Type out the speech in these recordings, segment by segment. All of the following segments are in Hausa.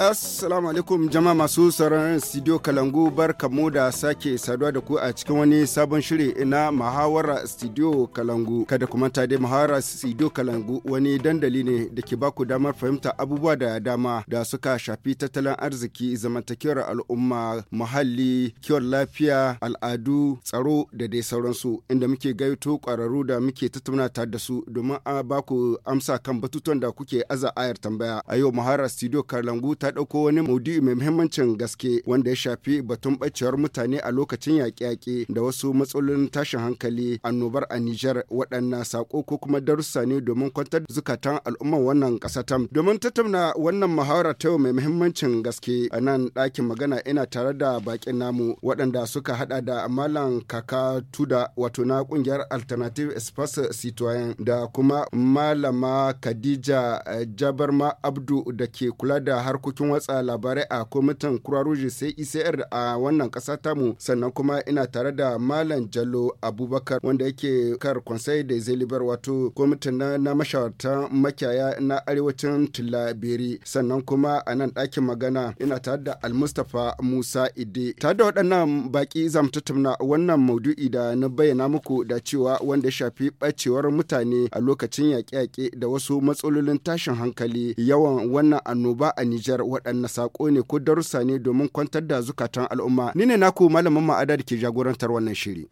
Assalamu alaikum jama'a masu sauraron studio Kalangu barkamu da sake saduwa da ku a cikin wani sabon shiri na Mahawara studio Kalangu. Kada kuma ta dai Mahawara studio Kalangu wani dandali ne da ke baku damar fahimta abubuwa da dama da suka shafi tattalin arziki, zamantakewar al'umma, muhalli, kiwon lafiya, al'adu, tsaro da dai sauransu inda muke gaito kwararru da muke tattauna tare da su domin a baku amsa kan batutuwan da kuke aza ayar tambaya. A yau Mahawara studio Kalangu ta ɗauko wani maudu'i mai muhimmancin gaske wanda ya shafi batun ɓacewar mutane a lokacin yaƙe-yaƙe da wasu matsalolin tashin hankali annobar a Nijar waɗanna sako ko kuma darussa ne domin kwantar zukatan al'umman wannan ƙasa tam. Domin tattauna wannan muhawara ta yau mai muhimmancin gaske a nan ɗakin magana ina tare da baƙin namu waɗanda suka haɗa da Malam Kaka Tuda wato na ƙungiyar Alternative Espace Citoyen da kuma Malama Khadija eh, Jabarma Abdu da ke kula da harkokin tun watsa labarai a kwamitin kuraruji sai icr e a wannan kasa tamu sannan kuma ina tare da malam jallo abubakar wanda yake kar kwansai da zai wato kwamitin na, na mashawarta makiyaya na arewacin tilaberi sannan kuma a nan ɗakin magana ina tare da almustapha musa ide tare da waɗannan baƙi zan tattauna wannan maudu'i da na bayyana muku da cewa wanda ya shafi ɓacewar mutane a lokacin yaƙe-yaƙe da wasu matsalolin tashin hankali yawan wannan annoba a Nijar waɗanne sako ne ko darussa ne domin kwantar da zukatan al'umma. Ni ne naku malamin ma'ada da ke jagorantar wannan shiri.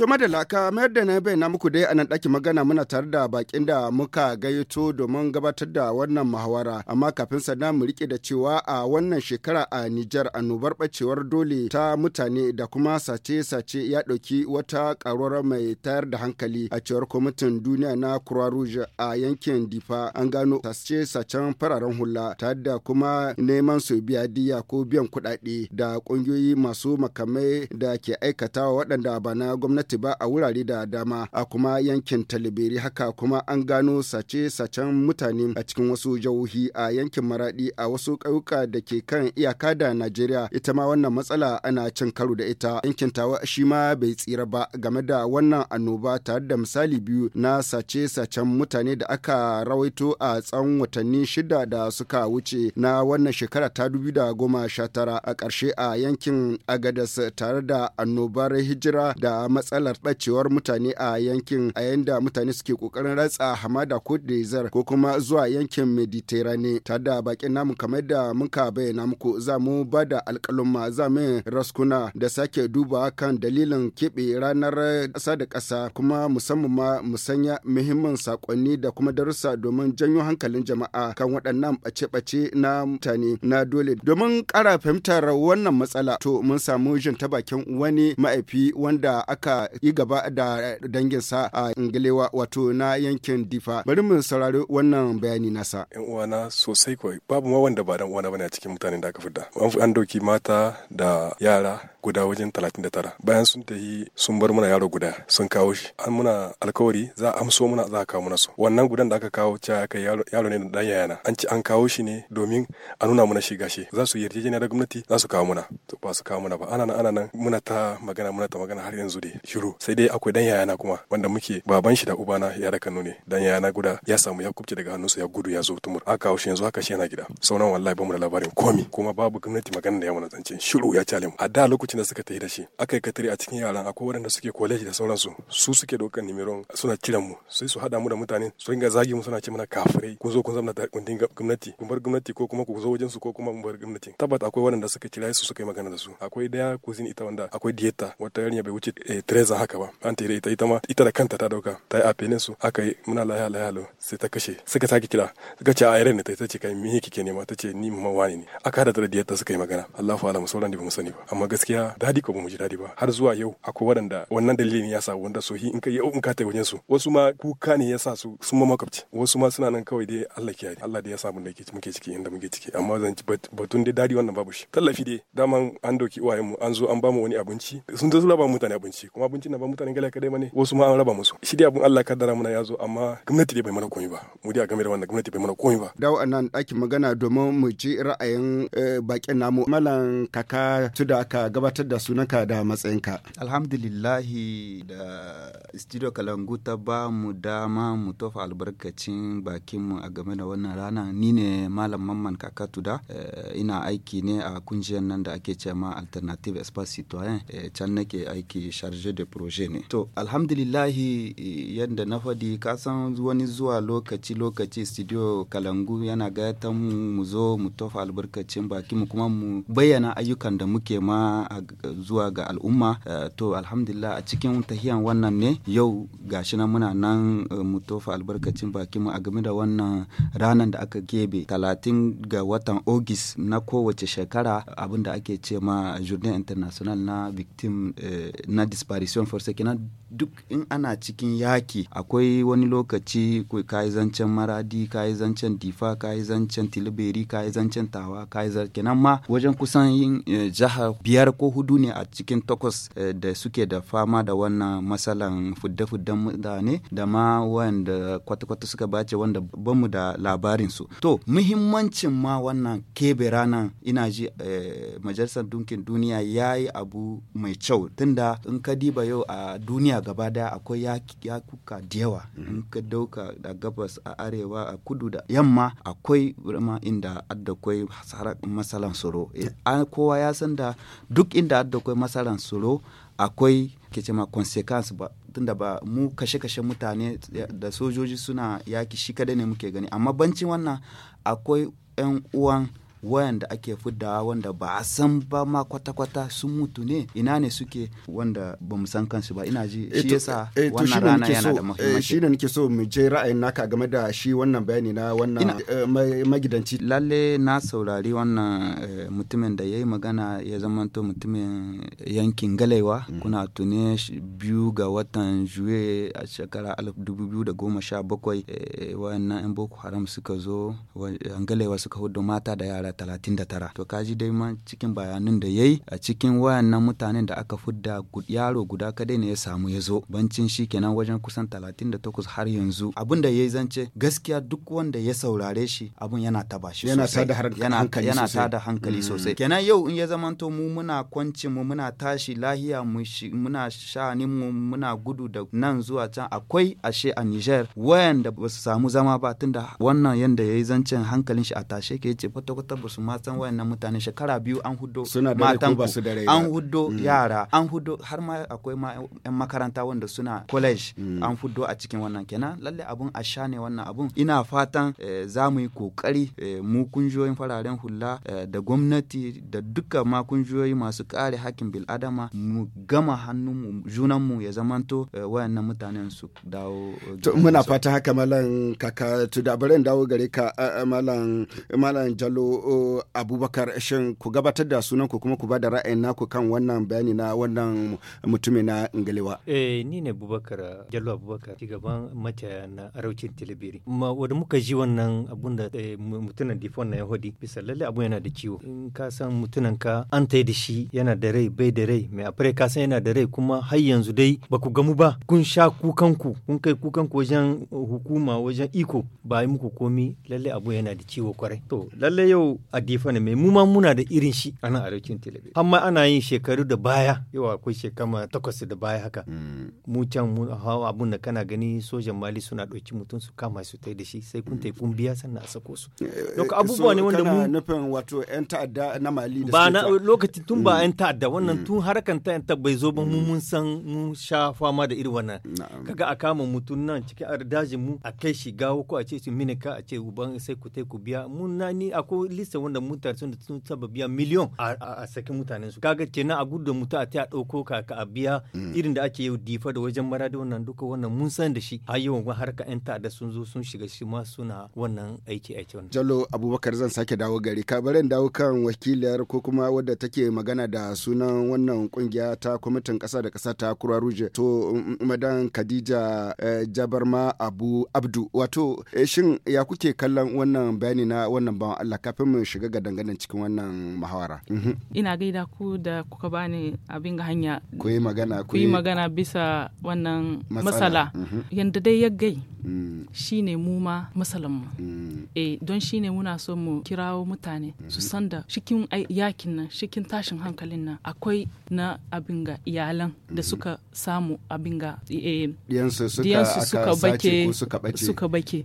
To madala mayar da na bayyana muku dai a nan magana muna tare da bakin da muka gayyato domin gabatar da wannan muhawara amma kafin sana mu rike da cewa a wannan shekara a Nijar annobar bacewar dole ta mutane da kuma sace-sace ya ɗauki wata ƙaruwar mai tayar da hankali a cewar kwamitin duniya na Croix Rouge a yankin Difa an gano sace-sacen fararen hula tare da kuma neman su biya diya ko biyan kuɗaɗe da ƙungiyoyi masu makamai da ke aikatawa waɗanda ba na gwamnati gwamnati ba a wurare da dama a kuma yankin talibiri haka kuma an gano sace-sacen mutane a cikin wasu jihohi a yankin maradi a wasu ƙauyuka da ke kan iyaka da najeriya ita ma wannan matsala ana cin karo da ita yankin tawa shi ma bai tsira ba game da wannan annoba tare da misali biyu na sace-sacen mutane da aka rawaito a tsawon watanni shida da suka wuce na wannan shekara ta da goma tara a ƙarshe a yankin agadas tare da annobar hijira da matsala matsalar ɓacewar mutane a yankin a yanda mutane suke kokarin ratsa hamada ko dezer ko kuma zuwa yankin mediterane ta da bakin namu kamar da muka bayyana muku za mu ba da alƙalumma za mu raskuna da sake duba kan dalilin keɓe ranar ƙasa da ƙasa kuma musamman ma musanya muhimman saƙonni da kuma darussa domin janyo hankalin jama'a kan waɗannan ɓace-ɓace na mutane na dole domin ƙara fahimtar wannan matsala to mun samu jin ta bakin wani ma'aifi wanda aka yi gaba da danginsa a ingilewa wato na yankin difa bari mu saurari wannan bayani nasa yan uwana sosai kawai babu ma wanda ba dan uwana bane a cikin mutanen da aka fidda an doki mata da yara guda wajen 39 bayan sun tafi sun bar muna yaro guda sun kawo shi an muna alkawari za a amso muna za a kawo muna su wannan gudan da aka kawo ca kai yaro ne da dan yayana an ci an kawo shi ne domin a nuna muna shi gashi za su yarjejeniya da gwamnati za su kawo muna to ba su kawo muna ba ana nan ana nan muna ta magana muna ta magana har yanzu dai shiru sai dai akwai dan yayana kuma wanda muke baban shi da ubana ya da kanu ne dan yayana guda ya samu ya kubce daga hannunsa ya gudu ya zo tumur aka kawo shi yanzu haka shi yana gida sauran wallahi ba mu da labarin komi kuma babu gwamnati magana da ya mana zance shiru ya cale mu a da lokacin da suka tafi da shi aka yi katari a cikin yaran akwai waɗanda suke kwaleji da sauransu su suke ɗaukar nimiron suna kiran mu sai su haɗa mu da mutane su ringa zagi mu suna ce mana kafirai kun zo kun zama da kundin gwamnati kun bar gwamnati ko kuma ku zo wajen su ko kuma mu bar gwamnati tabbata akwai waɗanda suka kira su suka yi magana da su akwai daya kuzin ita wanda akwai dieta wata yarinya bai wuce eh, Teresa haka ba an tere ita ita ma ita da kanta ta dauka ta yi apelin su aka yi muna laya laya lo sai ta kashe suka sake kira suka ce a yare ne ta ce kai me kike nema ta ce ni mama wani ne aka hada ta da dieta suka yi magana Allahu alam sauran da ba mu sani ba amma gaskiya gaskiya dadi ko ba mu ji dadi ba har zuwa yau akwai waɗanda wannan dalilin ya sa wanda sohi in ka yau in ka tai wajen su wasu ma kuka ne ya sa su sun ma makwabci wasu ma suna nan kawai dai Allah ke kiyaye Allah da ya sa mun da muke ciki inda muke ciki amma zan ci batun dai dadi wannan babu shi tallafi dai dama an doki uwayen mu an zo an ba mu wani abinci sun zo su raba mutane abinci kuma abincin na ba mutane gala kadai bane wasu ma an raba musu shi dai abun Allah kaddara muna ya zo amma gwamnati dai bai mana komai ba mu dai a game da wannan gwamnati bai mana komai ba dawo anan ɗakin magana domin mu ji ra'ayin eh, bakin namu malam kaka tuda ka gabatar gabatar da sunanka da matsayinka. Alhamdulillahi da Studio Kalangu ta ba mu dama mu tofa albarkacin bakinmu a game da wannan rana ni ne Malam Mamman Kakatuda eh, ina aiki ne a kungiyar nan da ake cema Alternative Espace Citoyen eh, can nake aiki charge de projet ne. To alhamdulillahi eh, yadda na faɗi kasan wani zuwa lokaci lokaci Studio Kalangu yana gayatan mu zo mu tofa albarkacin bakinmu kuma mu bayyana ayyukan da muke ma a zuwa ga al'umma eh, to alhamdulillah a cikin tahiyan wannan ne yau gashi na muna nan eh, mu tofa albarkacin bakin mu a game da wannan ranar da aka gebe talatin ga watan ogis na kowace shekara abin da ake ce ma journée international na victim eh, na disparition second duk in ana cikin yaki akwai wani lokaci ka yi zancen maradi ka yi zancen difa ka yi zancen tilberi ka yi zancen tawa ka yi nan ma wajen kusan yin eh, jihar biyar ko hudu ne a cikin takwas eh, da suke da fama da wannan matsalan fudda-fuddan mutane da ma wanda kwata-kwata suka bace wanda mu da labarinsu to muhimmancin ma wannan kebe ranar ina ji eh, majalisar dunkin duniya ya yi abu mai kyau tunda in ka diba yau a duniya gaba da akwai yakuka da yawa in ka dauka da gabas a arewa a kudu da yamma akwai rama inda addakwai masalan tsoro eh, kowa ya san da duk inda addakwai masalan tsoro akwai ke ce ma consequence ba tunda ba mu kashe-kashe mutane da sojoji suna yaki shi kada ne muke gani amma bancin wannan akwai 'yan uwan wayanda ake fiddawa wanda ba a san ba ma kwata-kwata sun mutu ne ina ne suke wanda ba mu san kansu ba ina ji shi eh, yasa eh, wannan rana yana da muhimmanci eh, ne nake so mu je ra'ayin naka game da shi wannan bayani na wannan magidanci lalle na saurari wannan mutumin da yayi magana ya zama to mutumin yankin Galewa mm. kuna tune biyu ga watan juye a shekara 2017 wayannan yan boko haram suka zo galewa suka hudu mata da yara shekara 39 to kaji dai ma cikin bayanin da yayi a cikin wayannan mutanen da aka fudda yaro guda kadai ne ya samu ya zo bancin shi kenan wajen kusan 38 har yanzu abin da yayi zance gaskiya duk wanda ya saurare shi abun yana taba shi yana tada hankali yana tada hankali sosai kenan yau in ya zamanto mu muna kwanci mu muna tashi lahiya muna sha'anin mu muna gudu da nan zuwa can akwai ashe a Niger wayanda ba su samu zama ba tunda wannan yanda yayi zancen hankalin shi a tashe ke ce kwata kwata ba su matan wayannan mutane shekara biyu an hudo matan ku an hudo mm. yara an hudo har ma akwai ma yan makaranta wanda suna college mm. an hudo a cikin wannan kenan lalle abun a sha ne wannan abun ina fatan eh, za mu yi kokari eh, mu kunjoyin fararen hula eh, da gwamnati da duka ma kunjoyi masu kare hakkin adama mu gama junan mu ya zamanto wayannan mutanen su dawo muna fata haka malam kaka tudabaren dawo gare ka malam malam jalo abubakar shin ku gabatar da sunan ku kuma ku ba da ra'ayin naku kan wannan bayani na wannan mutumin na ingiliwa eh ni ne abubakar jallo abubakar gaban mataya na araucin tilibiri ma wanda muka ji wannan abun da eh, mutunan difon na yahudi bisa lalle abu yana da ciwo in ka san mutunan ka an tai da shi yana da rai bai da rai mai afirka ka san yana da rai kuma har yanzu dai ba ku gamu ba kun sha kukanku kun kai kukanku wajen hukuma wajen iko ba yi muku komi lalle abu yana da ciwo kwarai to lalle yau a defana mai muma ma muna da irin shi a nan arewacin telebe amma ana yin shekaru da baya yawa akwai shekama takwas da baya haka mm. mu can mu abun da kana gani sojan mali suna ɗauki mutum su kama su tai da shi sai kun tai kun biya sannan a sako su eh, eh, donc abubuwa ne wanda mu nufin wato yan ta'adda na mali da ba na lokacin tun ba mm. yan ta'adda wannan mm. tun harkan yan bai zo ba mu mun san mu sha fama da irin wannan kaga a kama mutum nan cikin dajin mu a kai shi gawo ko a ce su minika a ce uban sai ku tai ku biya mun na ni akwai lista wanda mutane sun sun saba biya miliyon a sakin mutanen su kaga kenan a gudu mutu a ta dauko kaka a biya mm. irin da ake yau difa da wajen maradi wannan duka wannan mun san da shi har yawan harka yan ta'adda sun zo sun shiga shi ma suna wannan aiki aiki wannan Jallo Abubakar zan sake dawo gari ka barin dawo kan wakiliyar ko kuma wadda take magana da sunan wannan kungiya ta kwamitin kasa da kasa ta Kura Ruje to madan Khadija eh, Jabarma Abu Abdu wato eh, shin ya kuke kallon wannan bayani na wannan bawan Allah kafin mu mu shiga ga dangadan cikin wannan muhawara mhm. ina gaida ku da kuka bani abin ga hanya ku yi magana ku yi magana bisa wannan matsala mhm. yanda dai ya gai mm. shi ne mu ma matsalan mu e don ne muna so mu kirawo mutane su mhm. san da cikin yakin nan cikin tashin hankalin nan akwai na abin ga iyalan da suka samu abin ga eh, diyansu suka bake suka bake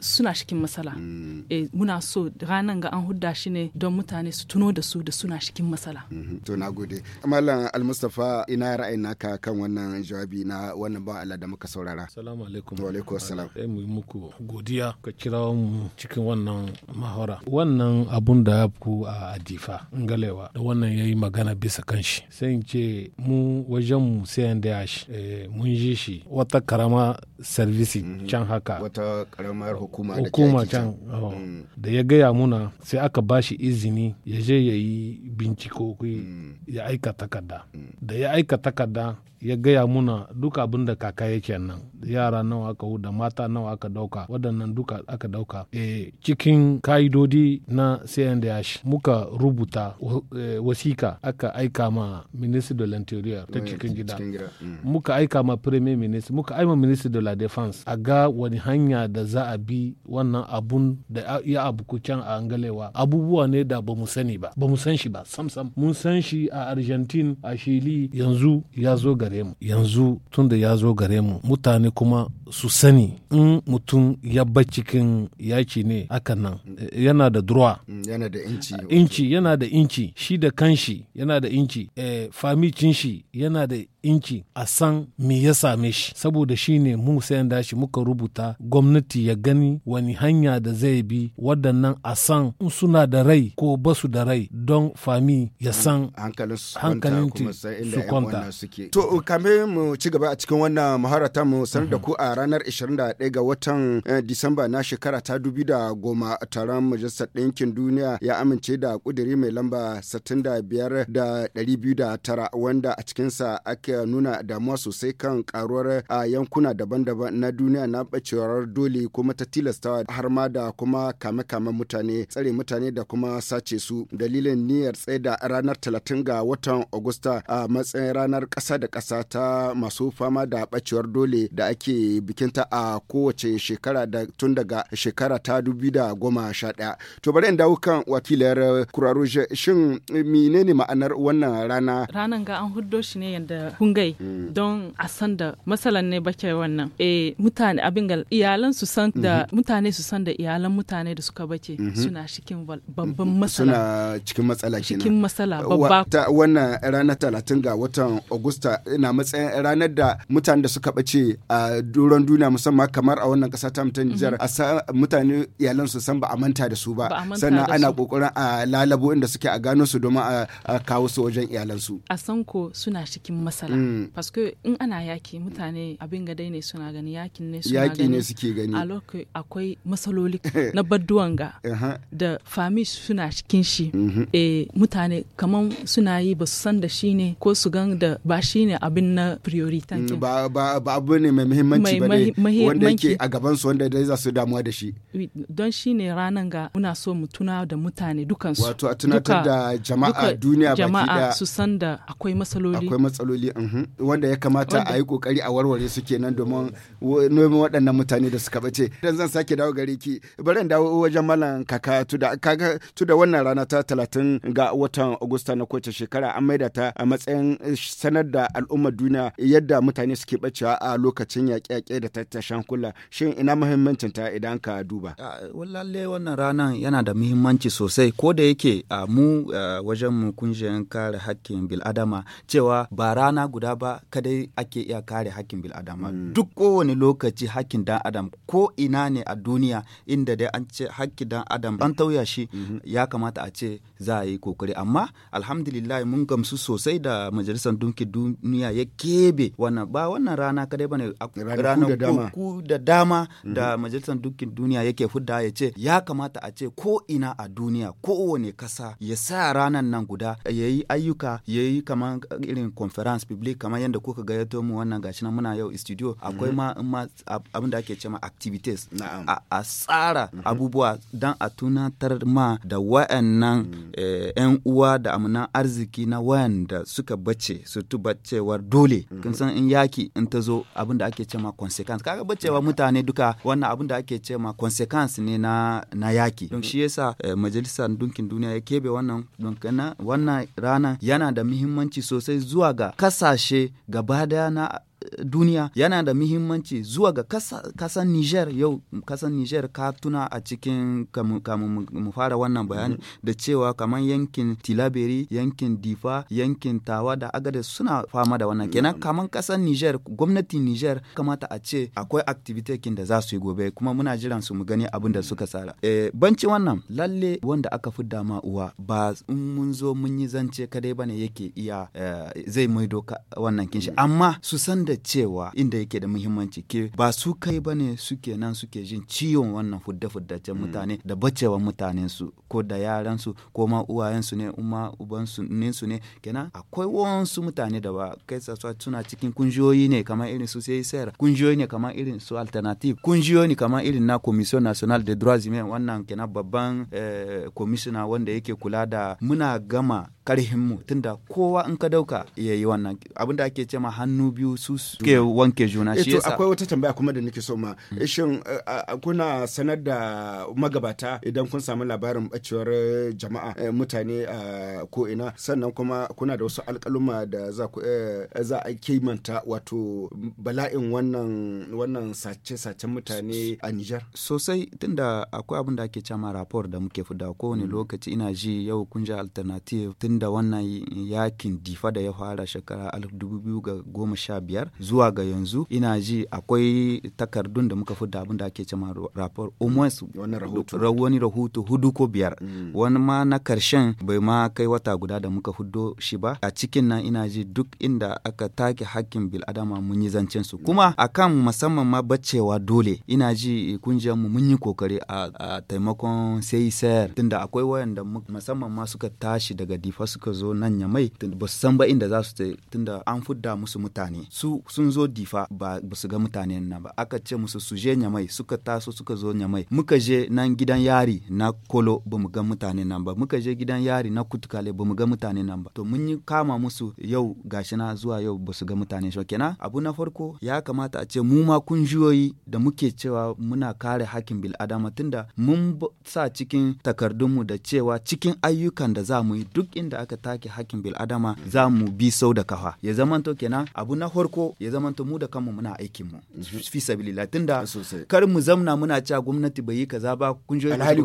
suna cikin matsala mm. eh, muna so ranan ga an hudda shi ne don mutane su tuno da su da suna cikin matsala. Mhm. To na gode. Malam Almustafa ina ra'ayin naka kan wannan jawabi na wannan ba Allah da muka saurara. Assalamu alaikum. Wa alaikum assalam. Sai eh, mu muku godiya ka kira mu cikin wannan mahora. Wannan abun da ya ku a Adifa Ngalewa da wannan yayi magana bisa kan shi. Sai in ce mu wajen mu sai an da shi eh, mun ji shi wata karama servisi mhm. can haka. Wata karamar hukuma da hukuma can oh, mhm. da ya gaya muna sai aka ba shi izini ya je ya yi binciko ya mm. aika takarda mm. da ya aika takarda ya gaya muna duk abin da kaka yake nan yara nawa aka da mata nawa aka dauka waɗannan duka aka dauka e, cikin ka'idodi na cndh muka rubuta eh, wasika aka aika ma ministry de l'interior ta eh, cikin gida mm. muka aika ma premier minister muka aima de la defense a ga wani hanya da za a bi wannan abun da ya abu can a angalewa abubuwa ne da ba mu sani ba ba mu san shi ba sam sam mun san shi a argentine a shili yanzu ya zo gari gare mu yanzu tun da ya zo gare mu mutane kuma su sani in mutum ya bar cikin yaki ne aka nan yana da droit mm, yana da inci inci yana da inci shi da kanshi yana da inci eh, famicin shi yana da inci a san me ya same shi saboda shi ne mu sayan dashi muka rubuta gwamnati ya gani wani hanya da zai bi waɗannan a san in suna da rai ko basu da rai don fami ya san hankalin su kwanta to kame mu ci gaba a cikin wannan maharata mu sanar da ku a ranar 21 ga watan eh, Disamba na shekara ta dubi da goma taron Majalisar Ɗinkin Duniya ya amince da ƙudiri mai lamba 65,209 da wanda a cikinsa ake nuna damuwa sosai kan karuwar a yankuna daban-daban na duniya na ɓacewar dole kuma ta tilasta har ma da kuma kame-kame mutane tsare mutane da kuma sace su dalilin niyyar da ranar 30 ga watan Agusta a matsayin ranar ƙasa da ƙasa ta masu fama da ɓacewar dole da ake bikinta a kowace shekara da tun daga shekara ta da goma sha ɗaya To bari in dawo kan wakilar Kuraruje shin menene ma'anar wannan rana? Ranan ga an huddo shi ne yadda kungai mm. don a san da masalan ne bake wannan. E mutane abin ga iyalan su san da mm-hmm. mutane su san da iyalan mutane da suka bace mm-hmm. suna cikin babban mm-hmm. matsala. Suna cikin matsala kenan. Cikin matsala babba. Ta wannan ranar talatin ga watan Agusta na matsayin ranar da mutane da suka bace a duro sauran duniya musamman kamar a wannan kasa ta mutan mhm. jihar a mutane iyalan su san ba a manta da su ba sannan ana kokarin a lalabo inda suke a gano su domin a kawo su wajen iyalan su a san ko suna cikin masala mm. paske in ana yaki mutane abin ga dai ne suna gani yakin ne suna yaki ne suke gani a lokaci akwai masaloli eh. na badduwan ga da fami suna cikin shi mhm. eh mutane kaman suna yi ba su san da shi ne ko su gan da ba shi ne abin na mm, ba ba abu ne mai muhimmanci bane wanda yake a gaban su wanda dai za su damuwa da shi don ne ranan ga muna so mu tuna da mutane dukan su wato a tunatar da jama'a duniya baki da su san da akwai matsaloli akwai matsaloli mhm. wanda ya kamata a yi kokari a warware su kenan domin neman waɗannan mutane da suka bace dan zan sake dawo gare ki bari in dawo wajen malam kaka tuda kaga wannan rana ta 30 ga watan agusta na kowace shekara an maida ta a matsayin sanar da al'ummar duniya yadda mutane suke bacewa a lokacin yaƙe-yaƙe da tattashen kula shin ina muhimmancin ta idan ka duba ah, wallahi wannan ranar yana da muhimmanci sosai ko da yake a ah, mu ah, wajen mu kungiyar kare hakkin bil'adama cewa ba rana guda ba kadai ake iya kare hakkin bil'adama hmm. duk kowane lokaci hakkin dan adam ko ina ne a duniya inda dai an ce hakkin dan adam an tauya shi hmm. ya kamata a ce za a yi kokari amma alhamdulillah mun gamsu sosai da majalisar dunkin duniya ya kebe wannan ba wannan rana kadai bane rana ku da dama mhm. da majalisar dukkin duniya yake fudda ya ce ya kamata a ce ko ina a duniya kowane kasa ya sa ranar nan guda ya yi ayyuka ya yi kamar irin conference public kamar yadda kuka gayyato mu wannan gashi nan muna yau studio mhm. akwai ma abin da ake cema activities a tsara mhm. abubuwa dan a tunatar ma da wa'annan 'yan eh, uwa da amuna arziki na wayanda suka bace su bacewar dole kin san in yaki in ta zo abin da ake cema consequence kaga cewa mutane duka wannan abin da ake cewa consequence ne na na yaki don shi yasa eh, majalisar dunkin duniya ya kebe wannan don wannan rana yana da muhimmanci sosai zuwa ga kasashe gaba daya na duniya yana da muhimmanci zuwa ga kasan Niger yau kasan Niger ka tuna a cikin kamun mu fara wannan bayani mm-hmm. da cewa kamar yankin Tilaberi yankin Difa yankin Tawa da Agade suna fama da wannan kenan mm-hmm. kamar kasan Niger gwamnatin Niger kamata a ce akwai activity da za su yi gobe kuma muna jiran su mu gani abin da mm-hmm. suka tsara e, banci wannan lalle wanda aka fi dama uwa ba in mun zo mun yi zance kadai bane yake iya eh, zai maido wannan kinshi amma su san da cewa inda yake da muhimmanci ke ba su kai ba ne suke nan suke jin ciwon wannan fudda-fuddacen hmm. mutane da bacewa mutanen su ko da yaran su ko ma uwayen su ne umma uban su ne su ne kenan akwai wasu mutane da ba kai suna cikin kunjiyoyi ne kamar irin su sai sayar kunjiyoyi ne kamar irin su alternative kunjiyoyi ne kamar irin na commission national de droits humains wannan kenan babban eh, commissioner wanda yake kula da muna gama karhinmu tunda kowa in ka dauka ya yi wannan abin da ake cema hannu biyu su ke wanke juna shi eh yasa akwai wata tambaya kuma da nake so ma eh, shin eh, kuna sanar da magabata idan kun samu labarin bacewar jama'a mutane a ko ina sannan kuma kuna da wasu alƙaluma da za ku za a kimanta wato bala'in wannan wannan sace sacen mutane a Niger sosai tunda akwai abin da ake cema rapport da muke fida kowane mm. lokaci ina ji yau kun ji alternative inda wannan yakin difa da ya fara shekara 2015 zuwa ga yanzu ina ji akwai takardun da muka fidda abin da ake cema rapor almost wani rahoto hudu ko biyar mm. wani ma na karshen bai ma kai wata guda da muka huddo shi ba a cikin nan ina ji duk inda aka take hakkin adama mun yi zancen su kuma akan musamman ma bacewa dole ina ji kungiyar mu mun yi kokari a taimakon sai sayar tunda akwai wayanda musamman ma suka tashi daga difa fa suka zo nan mai ba su san ba inda za su ta tunda an fudda musu mutane su sun zo difa ba ba su ga mutane nan ba aka ce musu su je mai suka taso suka zo mai muka je nan gidan yari na kolo ba mu ga mutane nan ba muka je gidan yari na kutukale ba mu ga mutane nan ba to mun yi kama musu yau gashi na zuwa yau ba su ga mutane shi kenan abu na farko ya kamata a ce mu ma kunjiyoyi da muke cewa muna kare hakkin bil'adama tunda mun sa cikin takardunmu da cewa cikin ayyukan da za mu yi duk inda da aka take hakkin bil'adama za mu bi sau da kafa ya zamanto kenan abu na farko ya zamanto mu da kanmu muna aikin mu mhm. fi latin tunda kar mu zamna muna cewa gwamnati bai yi kaza ba kun jo alhali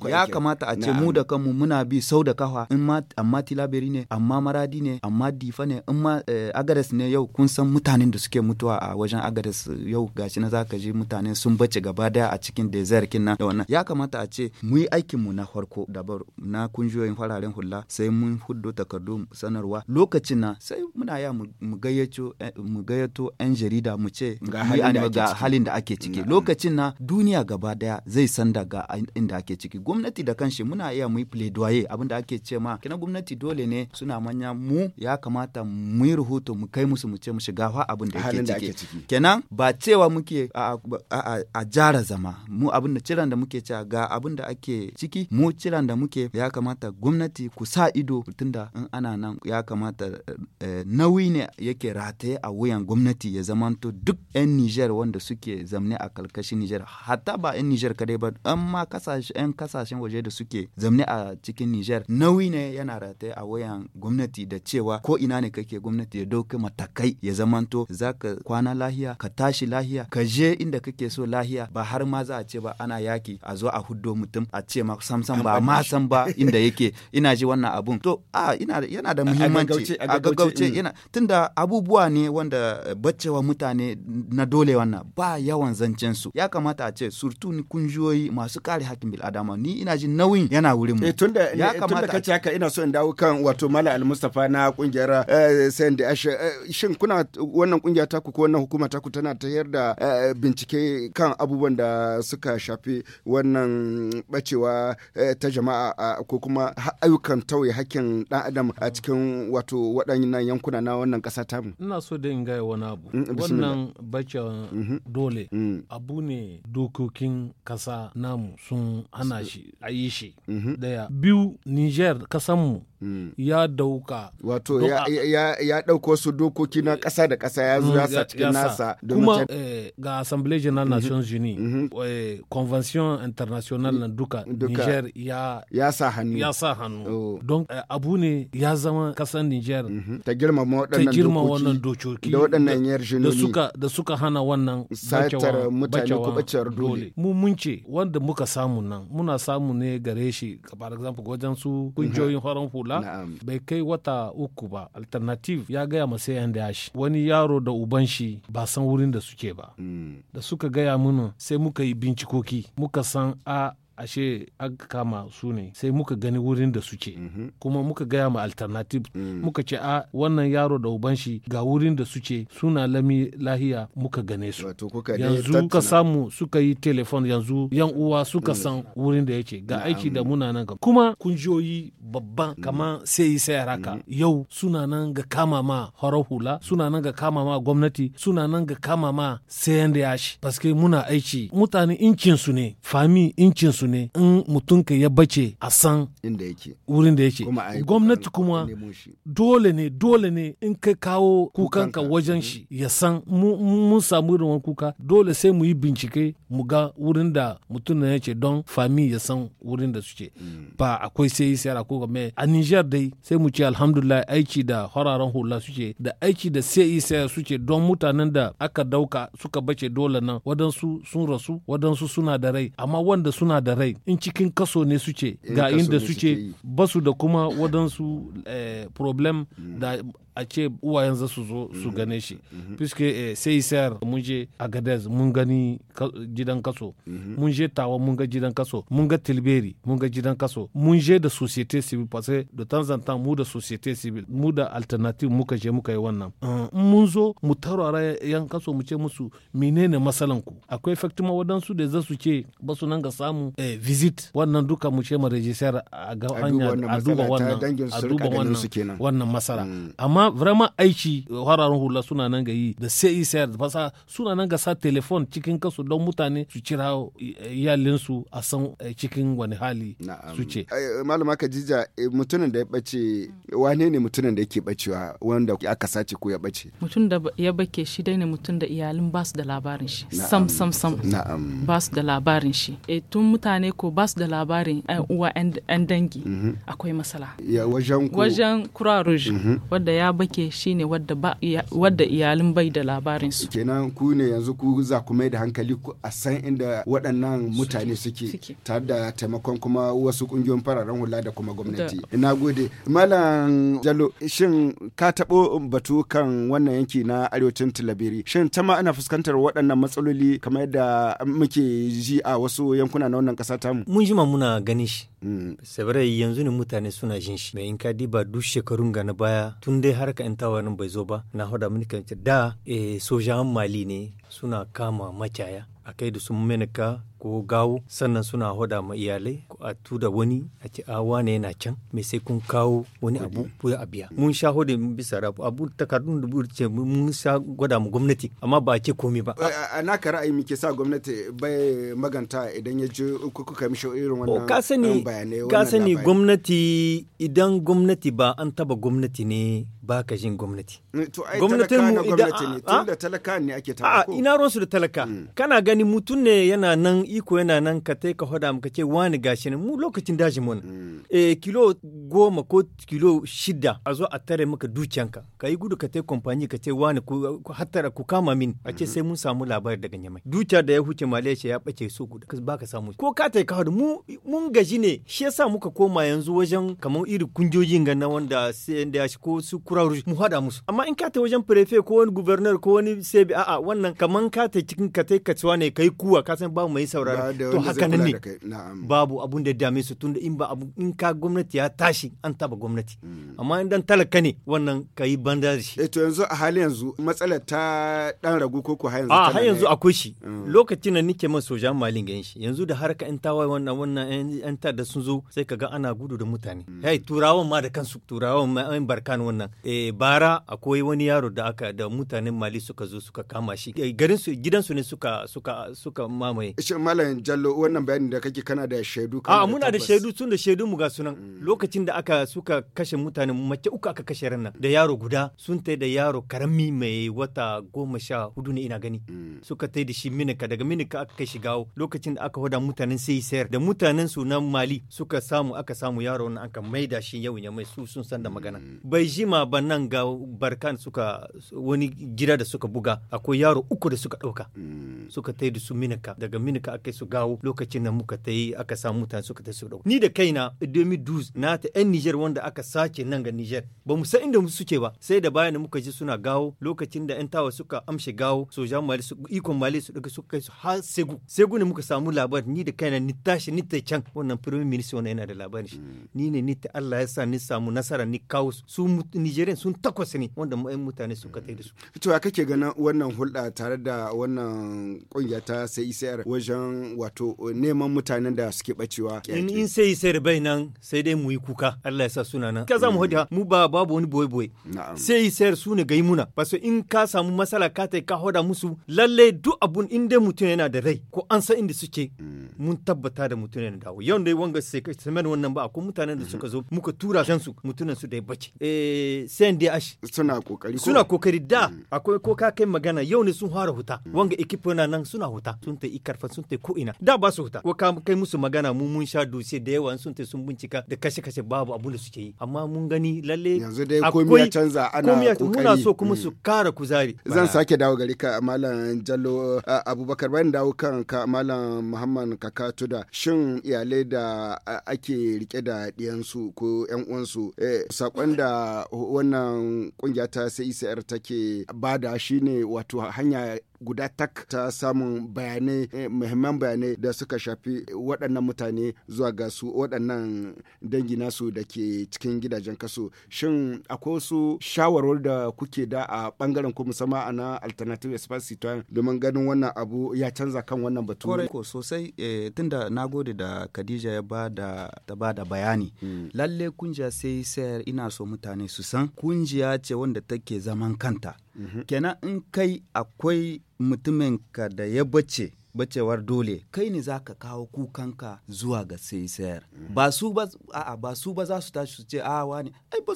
ko ya kamata a ce mu da kanmu muna bi sau da kafa in ma amma tilaberi ne amma maradi ne amma difa ne in ma eh, agares ne yau kun san mutanen da suke mutuwa a wajen agares yau gashi na zaka ji mutane sun bace gaba daya a cikin desert kin nan da ya kamata a ce mu yi aikin mu na farko da na kunjoyin fararen hula sai mun huddo takardu sanarwa lokacin na sai muna ya mu gayyato eh, 'yan jarida mu ce ga halin da ake ciki lokacin na duniya gaba daya zai san daga inda ake ciki gwamnati da kanshi muna iya mu yi pledoyer abin da ake ce ma kina gwamnati dole ne suna manya mu ya kamata mu yi rahoto mu kai musu mu ce mu shiga fa abin da ake ciki kenan ba cewa muke a jara zama mu abin da ciran da muke cewa ga abin da ake ciki mu ciran da muke ya kamata gwamnati ku sa ido tunda in ana nan ya kamata eh, nauyi ne yake rataye a wuyan gwamnati ya zamanto duk 'yan Nijar wanda suke zamne a kalkashin Nijar hatta ba 'yan Nijar kadai ba amma kasashen kasashen waje da suke zamne a cikin Nijar nauyi ne yana rataye a wuyan gwamnati da cewa ko ina ne kake gwamnati ya dauke matakai ya zamanto zaka kwana lahiya ka tashi lahiya ka je inda kake so lahiya ba har ma za a ce ba ana yaki a zo a huddo mutum a ce ma sam ba ma san ba inda yake ina ina ji wannan abun to a ina yana da muhimmanci a gaggauce mm. yana tunda abubuwa ne wanda baccewa mutane na dole wannan ba yawan zancen su ya kamata a ce surtu ni kunjoyi masu kare hakkin bil'adama ni ina ji nauyin yana wurin mu eh, tunda ya eh, kamata kace haka ina so in dawo kan wato mala al-mustafa na kungiyar eh, send shin kuna wannan kungiya taku ko wannan hukuma taku tana tayar da bincike kan abubuwan da suka shafi wannan bacewa ta jama'a ko kuma dukkan tauye hakkin ɗan adam a cikin wato waɗannan yankuna na wannan ƙasa mu Ina so da in gaya wani abu. Mm, wannan bakin mhm. dole mm. abu ne dokokin ƙasa namu sun hana shi a yi shi. Mhm. Daya biyu Niger ya dauka wato ya dauko su dokoki na kasa da kasa ya zo mm, ya sa cikin nasa kuma eh, ga assemblée générale mhm. nations unies mhm. eh, convention internationale na mm, duka niger ya sa hannu ya sa hannu oh. don eh, abu ne ya zama kasar niger mhm. ta girma wannan dokoki da waɗannan yarjinoni da suka hana wannan satar mutane kubacar dole mu mun ce wanda muka samu nan muna samu ne gare shi for example wajen su kungiyoyin horon fula faɗa bai kai wata uku ba alternative ya gaya ma sai da yashi wani yaro da uban shi ba san wurin da suke ba mm. da suka gaya mana sai muka yi bincikoki muka san a ashe an kama su ne sai muka gani wurin da suke mm -hmm. kuma muka gaya ma alternative mm. muka ce a ah, wannan yaro da uban shi ga wurin da suke suna lami lahiya muka gane su yanzu ka samu suka yi telefon yanzu yan uwa suka mm. san wurin da yake ga aiki da muna nan ga kuma kunjoyi babban mm. kama sai yi sai raka mm. yau suna nan ga kama ma horar hula suna nan ga kama ma gwamnati suna nan ga kama ma sayan da yashi paske muna aiki mutane incinsu ne fami incinsu su ne in ya bace a san wurin da yake gwamnati kuma dole ne dole ne in ka kawo kukanka wajen shi mm-hmm. ya san mun samu irin wani kuka dole sai mu yi bincike mu ga wurin da mutum na yace don fami ya san wurin da suke mm. ba akwai sai yi siyara ko game a Niger dai sai mu ce alhamdulillah aiki da hararen hula suke da aiki da sai yi siyara suke don mutanen da aka dauka suka bace dole nan wadansu sun rasu wadansu suna da rai amma wanda suna da da rai in cikin kaso ne suke ga inda suke basu da kuma wadansu eh, problem da a ce uwayen za su zo su mhm. gane shi mhm. puisque eh, sai sayar mun je agadez mun gani gidan kaso mhm. mun je tawa mun ga gidan kaso mun ga tilberi mun ga gidan kaso mun je da société civile parce que de temps en temps mu da société civile mu da alternative muka je muka yi wannan eh, mun zo mu tarara yan kaso mu ce musu menene masalan ku akwai effectivement wadansu da za su ce ba su nan ga samu eh, visit wannan duka mu ce mu register a ga hanya a duba wannan a duba wannan wannan masala mm. amma vraiment aiki hararen hula suna nan ga yi da sai da fasa suna nan ga sa telefon cikin kasu don mutane su cira su a san eh, cikin wani hali su ce malama jija eh, mutumin da ya bace wane ne mutumin da yake bacewa wanda aka sace ko ya bace mutum da ya bake shi dai ne mutum da iyalin ba su da labarin shi sam sam sam ba su da labarin shi e tun mutane ko ba su da labarin uwa 'yan dangi mhm. akwai masala wajen kura rouge mhm. wadda ya bake shine wadda ba wadda iyalin bai da labarin su kenan ku ne yanzu ku za ku mai da hankali a san inda waɗannan mutane suke tare da taimakon kuma wasu kungiyoyin fararen hula da kuma gwamnati ina gode malam jalo shin ka taɓo batu kan wannan yanki na arewacin tilabiri shin ta ma ana fuskantar waɗannan matsaloli kamar yadda muke ji a wasu yankuna na wannan ƙasa tamu mun jima muna ganin shi Mm. sabirai yanzu ne mutane suna jin shi mai in ka diba duk shekarun ga na baya tun dai harka yan tawarin bai zo ba na hada mini kan da eh, sojan mali ne suna kama macaya akai da sun menaka ko gawo sannan suna hoda ma iyalai ko a tuda wani a ce a wane yana can me sai kun kawo wani abu ko a biya mun sha hode bisa rafu abu takardun da ce mun sha gwada mu gwamnati amma ba a ce komai ba a ka ra'ayi muke sa gwamnati bai maganta idan ya ji kuka mishi irin oh, wannan ka sani um, ka sani gwamnati idan gwamnati ba an taba gwamnati ne ba ka jin gwamnati. Mm, Gwamnatin mu idan a ina ruwansu da talaka. Mm. Kana gani mutum ne yana nan iko yana nan ka tai ka hoda ka ce wani gashi ne mu lokacin dashi mun mm. eh kilo goma ko kilo shida a zo a tare muka dukiyanka ka yi gudu ka tai kamfani ka ce wani ku hatara ku kama min a ce mm-hmm. sai mun samu labari daga nyamai dukiya da ya huce malaysia ya bace su guda ba ka samu ko ka tai ka hoda mu mun gaji ne shi yasa muka koma yanzu wajen kamar irin kunjojin ga na wanda sai da shi ko su kuraru mu hada musu amma in ka tai wajen prefect ko wani governor ko wani sebi a'a wannan kaman ka tai cikin ka tai ka wani kai kuwa ka san ba mu yi saurara to haka nan ne babu abun da dame su tunda in ba abu in ka gwamnati ya tashi an taba gwamnati mm. amma in dan talaka ne wannan ka yi banda da shi eh, to yanzu a hali yanzu matsalar ta dan ragu ko ko yanzu a har yanzu akwai shi mm. lokacin na nike man sojan malin gan shi yanzu da harka in tawaye wannan wannan yan ta da sun zo sai kaga ana gudu da mutane mm. hey turawan ma da kansu turawan ma an barkan wannan eh bara akwai wani yaro da aka da mutanen mali suka zo suka kama shi eh, garin su gidansu ne suka suka suka mamaye malam jallo wannan bayanin da kake kana da shaidu a muna da shaidu tun da shaidu mu ga sunan mm. lokacin da aka suka kashe mutane mace uku aka kashe ran da yaro guda sun tai da yaro karami mai wata goma sha hudu ne ina gani mm. suka tai da shi minika daga minika aka kai shi gawo lokacin da aka hoda mutanen sai sayar da mutanen su na mali suka samu aka samu yaro nan aka maida shi yau ya mai su sun san da magana mm. bai jima ba nan ga barkan suka wani gida da suka buga akwai yaro uku da suka dauka suka tai da su minika daga minika aka su gawo lokacin da muka ta yi aka samu mutane suka ta su dauka ni da kaina 2012 na ta yan Niger wanda aka sace nan ga Niger ba mu san inda mu suke ba sai da bayan muka ji suna gawo lokacin da yan tawa suka amshe gawo soja mali su ikon mali su daga suka kai su har segu segu ne muka samu labarin ni da kaina ni tashi ni ta can wannan premier minister wannan yana da labarin shi mm. ni ne ni ta Allah ya sa ni samu nasara ni kawo su Nigerian sun takwas ne wanda mutane suka yi da su mm. to ya kake ganin wannan hulɗa tare da wannan kungiya ta CICR e wajen wajen wato neman mutanen da suke bacewa in in sai sai bai nan sai dai mu yi kuka Allah ya sa suna nan ka zamu hoda mu ba babu wani boye boye sai sai su ne gai muna baso in ka samu masala ka tai ka hoda musu lalle duk abun in dai mutum yana da rai ko an san inda suke mm. mun tabbata da mutum yana dawo yau dai wanga sai kai samen wannan ba akwai mutanen da mm-hmm. suka zo muka tura shan su mutunan su da ya bace eh sai dai ash suna kokari suna kokari da mm. akwai ko ka kai magana yau ne sun fara huta mm. wanga ekipo na nan suna huta sun ta ikarfa sun ta ta ko da ba su huta wa kai musu magana mu mun sha dusi da yawa sun ta sun bincika da kashe kashe babu abun da suke yi amma mun gani lalle yanzu dai komai ya canza ana kokari muna so kuma su kara kuzari mm. zan sake dawo gari ka malam Jallo Abubakar bayan dawo kan ka malam Muhammad Kakatuda shin iyalai da ake rike da diyansu ko yan uwansu eh, sakon da wannan kungiya ta sai e take bada shine wato hanya guda tak ta samun bayanai eh, muhimman bayanai da suka shafi waɗannan mutane zuwa ga su waɗannan dangi nasu da ke cikin gidajen kaso shin akwai wasu shawarwar da kuke da a ɓangaren ku musamman a na alternative espace citoyen domin ganin wannan abu ya canza kan wannan batu ko sosai eh, tunda na gode da khadija ya ba da ta ba da bayani hmm. lalle kunjiya sai sayar ina so mutane su san kunjiya ce wanda take zaman kanta kenan in kai akwai mutumin ka da ya bace bacewar dole kai ne za ka kawo kukanka zuwa ga sai sayar ba su ba za su tashi su ce a ah, wani ai ba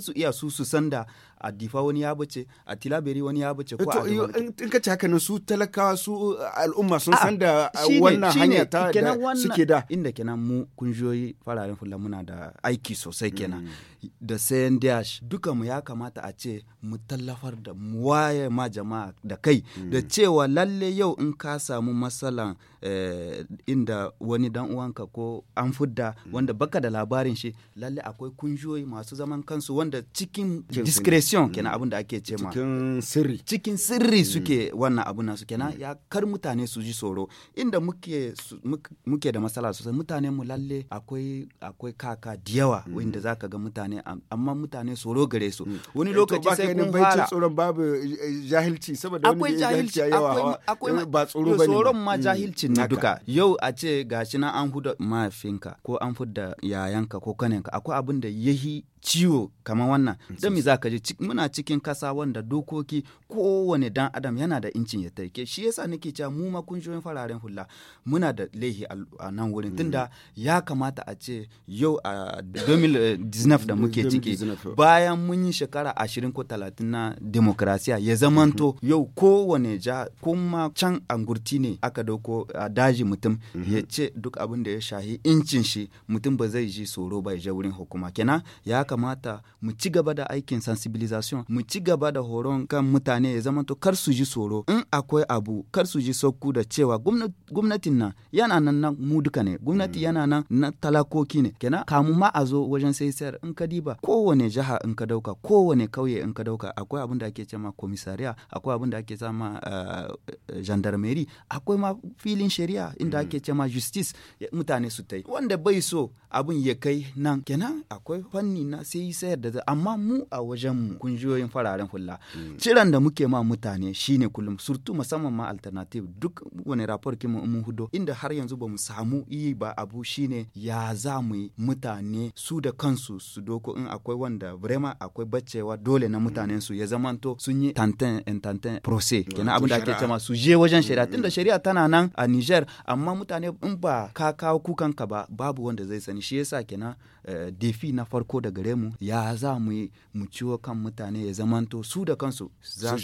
su iya su su sanda a difa wani ya bace a tilaberi wani ya bace ko in ka ci haka nan su talakawa su uh, al'umma sun ah, san da uh, wannan hanya ta da suke da inda kenan mu kunjoyi fararen fulla muna da aiki sosai kenan mm. da sayan dash duka mu ya kamata a ce mu tallafar da mu waye ma jama'a da kai mm. da cewa lalle yau in ka samu matsalan eh, inda wani dan uwanka ko an fudda mm. wanda baka da labarin shi lalle akwai kunjoyi masu zaman kansu wanda cikin discretion discretion mm. kenan abin da ake ce ma cikin sirri cikin sirri mm. suke wannan abun nasu kenan mm. ya kar mutane su ji tsoro inda muke muke da matsala sosai mutane mu lalle akwai akwai kaka da yawa wanda zaka ga mutane amma mutane tsoro gare su wani lokaci eh, sai kun fara tsoron babu eh, eh, jahilci saboda wani jahilci yawa ba tsoro bane tsoron ma jahilci ne duka yau a ce gashi na an huda mafinka ko an fudda yayanka ko kanenka akwai abin da yahi ciwo kamar wannan mm, don me za ka ji muna cikin kasa wanda dokoki kowane dan adam yana da incin ya tarke shi yasa nake cewa mu ma kunjoyin fararen hula muna da laihi a nan wurin tunda mm. ya kamata a ce yau a 2019 da muke ciki bayan mun yi shekara ashirin ko talatin na demokrasiya ya zamanto mm-hmm. yau kowane ja kuma can angurti ne aka dauko a daji mutum mm-hmm. ya ce duk abin da ya shahi incin shi mutum ba zai ji tsoro ba ya je wurin hukuma kenan ya kamata mu ci gaba da aikin sensibilisation mu ci gaba da horon kan mutane ya zama to kar su ji tsoro in akwai abu kar su ji sauku da cewa gwamnatin nan yana nan na mu duka ne gwamnati hmm. yana nan na talakoki ne kenan kamu ma a zo wajen sai sayar in ka diba kowane jiha in ka dauka kowane kauye in ka dauka akwai abin da ake cewa komisariya akwai abin da ake cema eh, gendarmerie akwai ma filin shari'a inda hmm. ake cewa justice mutane su ta yi wanda bai so abin ya kai nan kenan akwai fanni na sai yi sayar da amma mu a wajen mu kungiyoyin fararen hula ciran mm. da muke ma mutane shine kullum surtu musamman ma alternative duk wani rapport kin mun hudo inda har yanzu bamu samu yi ba abu shine ya za mu mutane su da kansu su doko in akwai wanda brema akwai baccewa dole na mutanen mm. su ya zamanto sun yi tantan en tantan proce kenan abin da ake cewa su je wajen shari'a mm. tunda shari'a tana nan a Niger amma mutane in ba ka kawo kukanka ba babu wanda zai sani shi yasa kenan eh, defi na farko da gare mu ya za mu yi mu ciwo kan mutane ya zamanto su da kansu su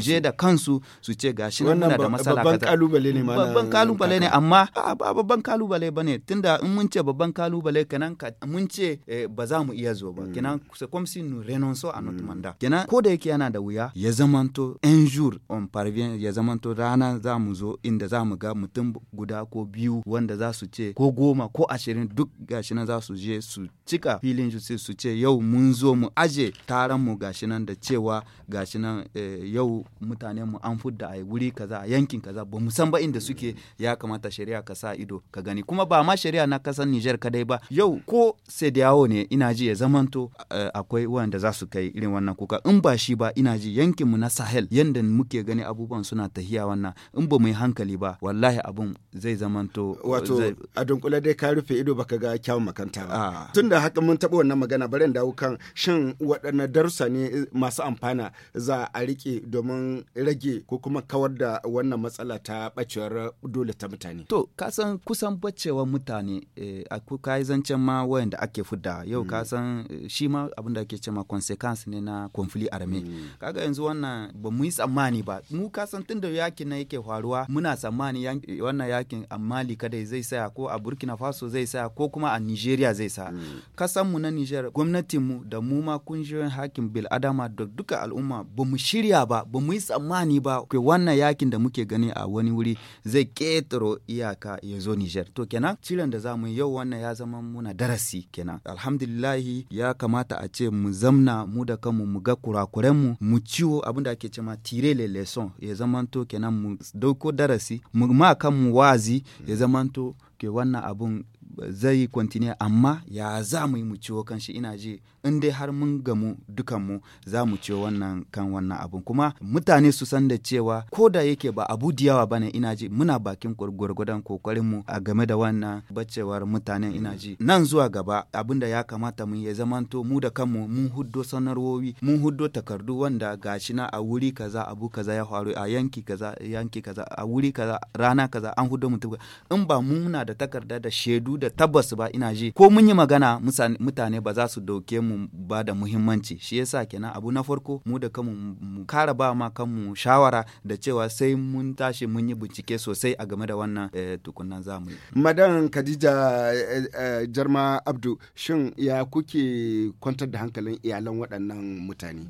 je da kansu su ce shi nan da matsala babban kalubale ne babban kalubale ne amma ba babban kalubale bane tunda in mun ce babban kalubale kenan mun ce eh, ba za mu iya zo ba hmm. kenan c'est comme si nous renonçons à notre hmm. mandat kenan ko da yake yana da wuya ya zamanto un jour on parvient ya zamanto rana za mu zo inda za mu ga mutum guda ko biyu wanda za su ce ko goma ko ashirin duk gashi nan za su je su cika filin su ce yau mun zo mu aje taron mu gashi nan da cewa gashi nan eh, yau mutane mu an fudda a wuri kaza a yankin kaza ba mu san ba inda suke ya kamata shari'a ka sa ido ka gani kuma ba ma shari'a na kasar Niger kadai ba yau ko yawo ne ina ji ya zamanto eh, akwai wanda za su kai irin wannan kuka in ba shi ba ina ji yankin mu na Sahel yanda muke gani abubuwan suna tahiya wannan in ba mu yi hankali ba wallahi abun zai zamanto wato a dunkule dai ka rufe ido baka ga kyawun makanta ba ah. tunda haka mun taɓa wannan magana bare zan dawo kan shin waɗanne darussa ne masu amfana za a rike domin rage ko kuma kawar da wannan matsala ta bacewar dole ta mutane. To kasan kusan bacewar mutane eh, a kuka zancen ma wayanda ake fudda yau kasan mm. eh, shi ma abin da ake cema consequence ne na conflict arme. Mm. Kaga yanzu wannan ba mu yi tsammani ba mu kasan tun da yakin na yake faruwa muna tsammani wannan yakin a Mali kada zai saya ko a Burkina Faso zai saya ko kuma a Nigeria zai saya. Mm. Kasan mu na Niger gwamnati gwamnatinmu da mu ma kunshiyoyin hakin bil'adama da duka al'umma ba mu shirya ba ba mu yi tsammani ba ke wannan yakin da muke gani a wani wuri zai ƙetaro iyaka ya zo Nijar. To kenan ciren da za mu yau wannan ya zama muna darasi kenan. Alhamdulillahi ya kamata a ce mu zamna mu da kanmu mu ga kurakuren mu ciwo abin da ake cewa tire le leson. ya zamanto kenan mu dauko darasi mu ma kanmu wazi ya zamanto ke wannan abun zai kwantine amma ya za mu yi mu ciwo kan shi ina ji in dai har mun gamu dukanmu za mu ciwo wannan kan wannan abun kuma mutane su san da cewa ko da yake ba abu diyawa ba ne ina ji muna bakin gwargwadon kokarinmu a game da wannan bacewar mutanen ina ji nan zuwa gaba abin da ya kamata mu ya zamanto mu da kanmu mun huddo sanarwowi mun huddo takardu wanda gashi na a wuri kaza abu kaza ya faru a yanki kaza yanki kaza a wuri kaza rana kaza an huddo mutum in ba muna da takarda da shaidu da da tabbas ba ina ji ko mun yi magana mutane ba za su dauke mu ba da muhimmanci shi yasa kenan abu na farko mu da kanmu mu kara ba ma kanmu shawara da cewa sai mun tashi mun yi bincike sosai a game da wannan e, eh, tukunan zamu yi madan Khadija e, Jarma Abdu shin ya kuke kwantar da hankalin iyalan waɗannan mutane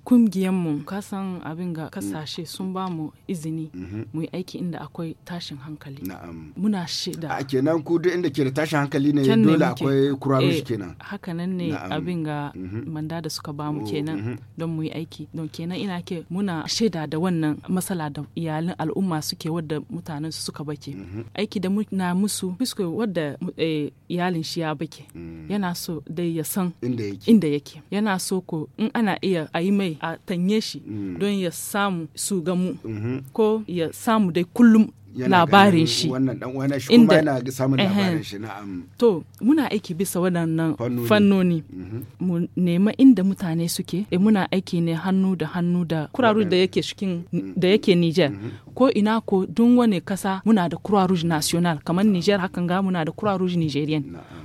ka san abin ga kasashe sun ba mu izini mhm. mu mm -hmm. yi aiki inda akwai tashin hankali na'am muna shida a kenan ku duk inda ke da tashin hankali hankali ne dole akwai eh, shi kenan haka nan ne abin ga mhm. manda da suka bamu oh, kenan mhm. don mu yi aiki don kenan ina ke muna shaida da wannan matsala da iyalin al'umma suke wadda mutanen su suka bake mhm. aiki da na musu fisko wadda eh, iyalin shi ya bake mm. yana so dai ya san inda yake yana so ko in ana iya a yi mai a tanye shi mm. don ya samu su gamu ko ya samu dai kullum labarin shi inda to muna aiki bisa waɗannan fannoni mhm. mu nema inda mutane suke e muna aiki ne hannu da hannu da kuraru da yake cikin mhm. da yake Niger mhm. ko ina ko duk wani kasa muna da kuraru national kamar Niger hakan ga muna da kuraru Nigerian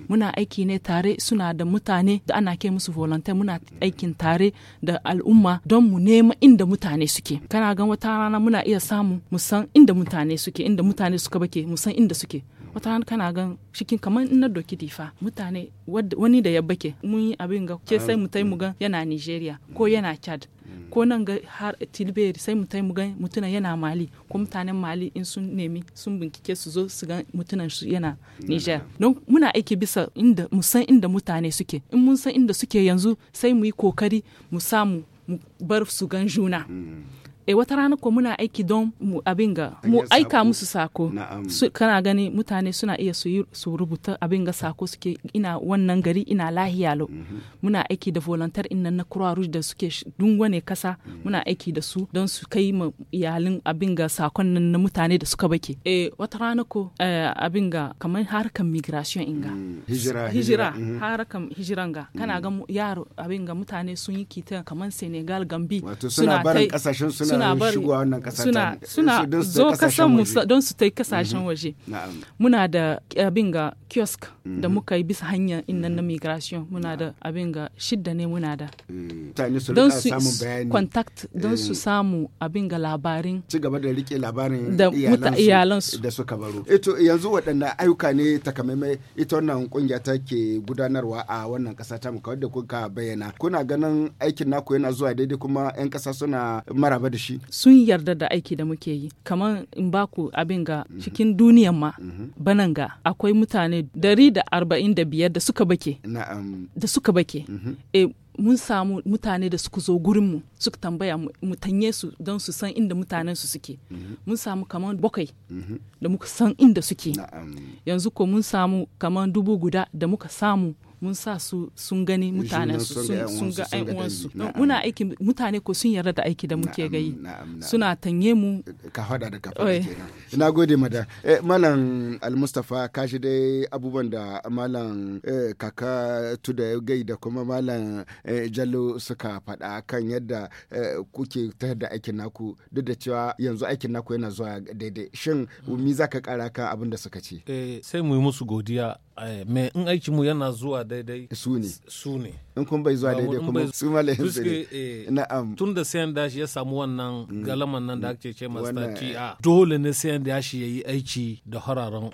muna aiki ne tare suna da mutane da ana ke musu volunteer muna aikin tare da al'umma don mu nema inda mutane suke kana gan wata rana muna iya samu mu san inda mutane suke muke inda mutane suka bake mu san inda suke wata rana kana gan shikin kamar in na doki difa mutane wani da ya bake mun yi abin ga ke sai mu tai mu gan yana Nigeria ko yana Chad ko nan ga har Tilberi sai mu tai mu gan mutuna yana Mali ko mutanen Mali in sun nemi sun bincike su zo su gan mutunan su yana Niger don muna aiki bisa inda mu san inda mutane suke in mun san inda suke yanzu sai mu yi kokari mu samu mu bar su gan juna e wata rana ko muna aiki don mu abin ga mu aika musu sako kana gani mutane suna iya su rubuta abin ga sako suke ina wannan gari ina lahiya lo mhm. muna aiki da volunteer in nan na Croix Rouge da suke dungwane kasa mhm. muna aiki da su don su kai ma iyalin abin ga sakon nan na mutane da suka bake e wata rana ko eh, abin ga kamar harkan migration inga mhm. hijira hijira harkan hijiran ga kana ga yaro abin ga mutane sun yi kita kamar Senegal Gambi suna barin kasashen suna suna bari suna suna zo kasan mu don su tai kasashen mhm. waje muna da abin ga kiosk da mhm. muka yi bisa hanya innan na mhm. migration muna da abin ga shidda ne muna da mm. don su contact don su eh. samu abin ga labarin ci gaba da rike labarin da iyalansu da suka baro eto eh yanzu waɗanda ayyuka ne takamaimai ita wannan kungiya take ke gudanarwa a wannan kasa ta mu kawai da kuka bayyana kuna ganin aikin naku yana zuwa daidai kuma 'yan kasa suna maraba da shi sun yarda da aiki da muke yi kamar in baku abin ga mhm. cikin duniyan ma mhm. banan ga akwai mutane dari da arba'in da biyar suka bake da suka bake mhm. eh, mun samu mutane da suka zo gurinmu suka tambaya mu tanye su don su san inda mutanen su suke mun samu kamar bakwai da muka san inda suke yanzu ko mun samu kamar dubu guda da muka samu mun sa su sun gani mutane su sun ga ƴan uwansu muna aiki mutane ko sun yarda da aiki da muke gayi suna tanye mu ka hada da kafa kenan ina gode mada eh, malam almustafa kashi dai abubuwan da malam eh, kaka tuda gai da kuma malam eh, jallo suka faɗa kan yadda kuke ta da aikin naku duk da cewa yanzu aikin naku yana zuwa daidai shin mi mm. zaka kara kan abin da suka ce sai mu yi musu godiya Eh, mai in aikin mu yana zuwa daidai su ne su ne in kun bai zuwa daidai kuma su malayin su ne eh, na'am tun da sayan dashi ya samu wannan mm. galaman nan da mm. ake ce master ta eh. dole ne sayan dashi yayi aiki da hararen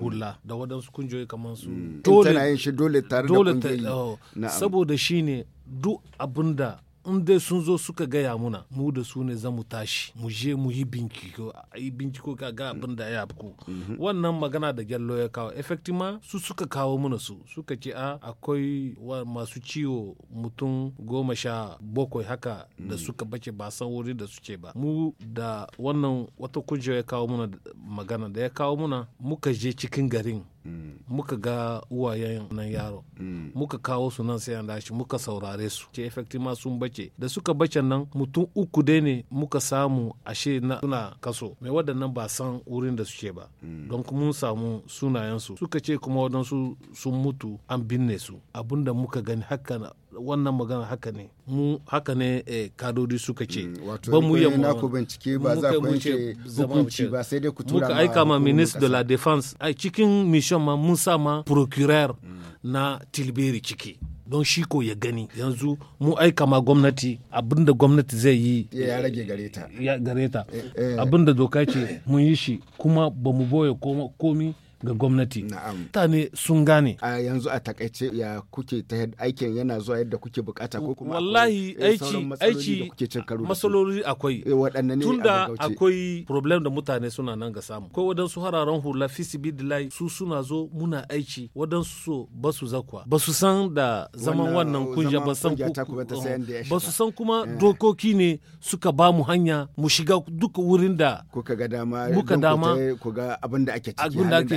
hula da wadansu kungiyoyi kamar su mm. dole na yin shi dole tare da kungiyoyi oh, saboda shine duk abinda in dai sun zo suka gaya muna mu da su ne za mu tashi mu je mu yi binciko yi binciko ka ga abin da ya afku wannan magana da gyallo ya kawo effectivement su suka kawo muna su suka ce a ah, akwai masu ciwo mutum goma sha bakwai haka da mm. suka bace ba san wuri da suke ba mu da wannan wata kujera ya kawo muna magana da ya kawo muna muka je cikin garin mm. muka ga uwayen nan yaro mm. muka kawo su nan sai an dashi muka saurare su ce ma sun bace ce da suka bace nan mutum uku dai ne muka samu ashe na suna kaso mai waɗannan ba san wurin da suke ba hmm. don mun samu sunayensu suka ce kuma waɗansu sun mutu an binne su abinda muka gani haka wannan magana haka ne mu haka ne eh, kadodi suka ce hmm, ba mu yi na ku bincike ba za ku yanke hukunci ba sai dai ku tura muka aika ma ministre de la défense a cikin mission ma mun sa ma procureur hmm. na tilberi ciki don shi ko ya gani yanzu mu aika ma gwamnati abinda gwamnati zai yi ya rage gareta gareta eh, eh. abinda doka ce mun yi shi kuma ba mu boye komi ga gwamnati. Mutane sun gane. A yanzu a takaice ya kuke ta aikin yana zuwa yadda kuke bukata ko kuma wallahi eh, aiki aiki masaloli akwai eh, tunda akwai problem da mutane suna nan ga samu ko wadansu hararen hula fisibilai su suna zo muna aiki wadansu so ba su zakwa ba su san da zaman wannan kunja ba san ba su san uh-huh. kuma eh. dokoki ne suka ba mu hanya mu shiga duka wurin da kuka ga dama muka dama ku ga abin da ake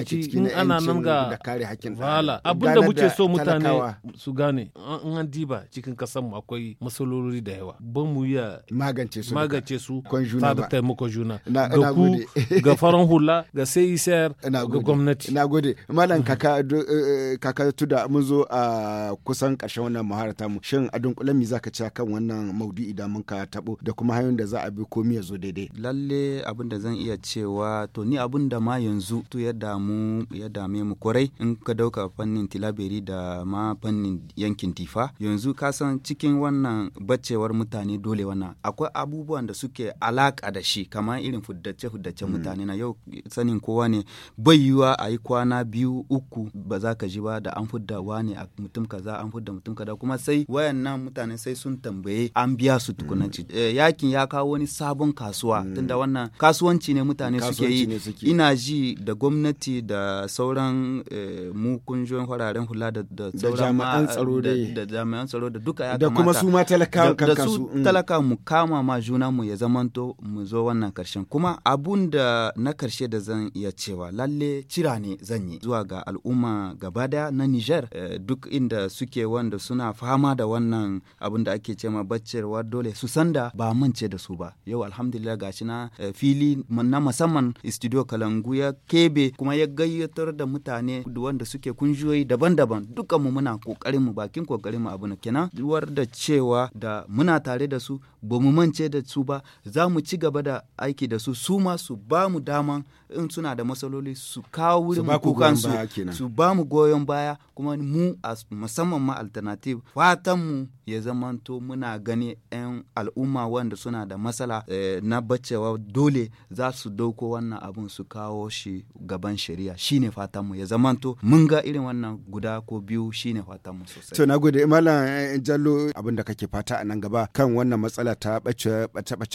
ciki ci in ana nan ga wala abin da muke so mutane su gane an an diba cikin kasan mu akwai masalolori da yawa ban mu ya magance su magance su ta da taimakon juna ga ku ga faran hula ga CICR e ga gwamnati gode. malam kaka eh, eh, kaka tuda mun zo a kusan karshen wannan muharata mu shin a dunkule mi zaka ci kan wannan maudu'i da mun ka tabo da kuma hanyoyin da za a bi komai ya zo daidai lalle abin da zan iya cewa to ni abin da ma yanzu to yadda mu ya dame mu kwarai in ka dauka fannin tilaberi da ma fannin yankin tifa yanzu ka san cikin wannan baccewar mutane dole wannan akwai abubuwan da suke alaka da shi kamar irin fuddace fuddace hmm. mutane na yau sanin kowa ne bai yiwa a yi kwana biyu uku ba za ka ji ba da an fudda wani a mutum kaza an fudda mutum kaza kuma sai wayannan mutane sai sun tambaye an biya su tukunanci hmm. eh, yakin ya kawo wani sabon kasuwa tunda hmm. wannan kasuwanci ne mutane suke yi ina ji da gwamnati da da sauran eh, mu kungiyoyin fararen hula da jami'an tsaro da jami'an tsaro da duka ya kamata da kuma su ma kan kasu da su mm. talaka mu kama ma juna mu ya zamanto mu zo wannan karshen kuma abun da na karshe da zan iya cewa lalle cira ne zan yi zuwa ga al'umma gaba da na Niger eh, duk inda suke wanda suna fama da wannan abun da ake cewa baccewa dole su sanda ba mance da su ba yau alhamdulillah gashi na eh, fili na musamman studio Kalangu ya kebe kuma ya gayyatar da mutane wanda suke kunjiyoyi daban-daban dukan mu muna kokarin mu bakin kokarin mu abu kenan duwar da cewa da muna tare da su ba mu mance da su ba za mu ci gaba da aiki da su su ma su ba mu daman in suna da matsaloli su kawo wurin kukan su su ba mu goyon baya kuma mu a musamman ma alternative fatan mu ya zamanto muna gani 'yan al'umma wanda suna da matsala eh, na bacewa dole za su dauko wannan abin su kawo shi gaban shari'a Najeriya shine fatanmu ya zamanto mun ga irin wannan guda ko biyu shine fatanmu sosai. To na gode Malam eh, Jallo abinda kake fata a nan gaba kan wannan matsala ta bace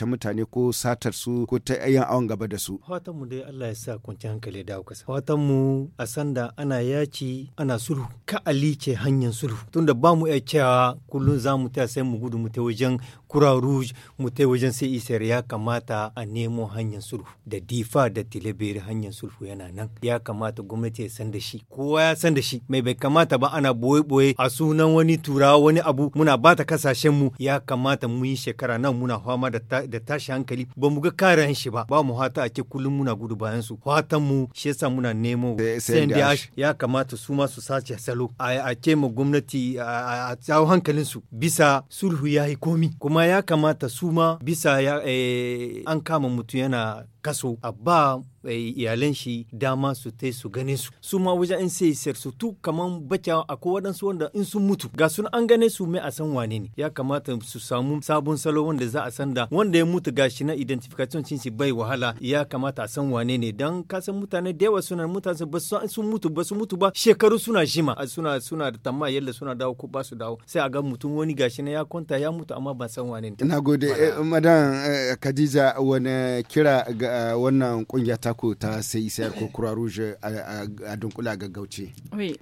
mutane ko satar su ko ta yan awon gaba da su. Fatanmu dai Allah ya sa kwanci hankali da kasa. Fatanmu a sanda ana yaci ana sulhu ka ali ce hanyar sulhu tunda ba mu iya cewa kullum za mu ta sai mu gudu mu ta wajen Kura Rouge mu ta wajen sai isar ya kamata a nemo hanyar sulhu da difa da tilebere hanyar sulhu yana nan ya kamata gwamnati ya san da shi kowa ya san da shi mai bai kamata ba ana boye-boye a sunan wani turawa wani abu muna bata kasashen mu ya kamata mu yi shekara nan muna fama da tashi hankali ba mu ga karen shi ba ba mu hata ake kullum muna gudu bayan su fatan mu shi yasa muna nemo CNDH ya kamata su ma su sace salo a ake ma gwamnati a tsawo hankalin su bisa sulhu ya yi komi kuma ya kamata su ma bisa eh, an kama mutum yana kaso a ba eh, iyalan shi dama su su tai su gane su su ma wajen in sai sir su tu kaman bacha akwai wadansu wanda in sun mutu ga sun an gane su mai a san wane ne ya kamata su samu sabon salo wanda za a san da wanda ya mutu gashi na identification cin shi bai wahala ya kamata a san wane ne dan ka san mutane da yawa suna mutane ba su sun mutu ba su mutu ba shekaru suna jima suna suna da tamma yalla suna dawo ko ba su dawo sai a ga mutum wani gashi na ya kwanta ya mutu amma ba san wane ne na gode eh, madan eh, khadija wani kira ga eh, wannan kungiya ko ta sai sai ko kura shi a dunkula gaggauce.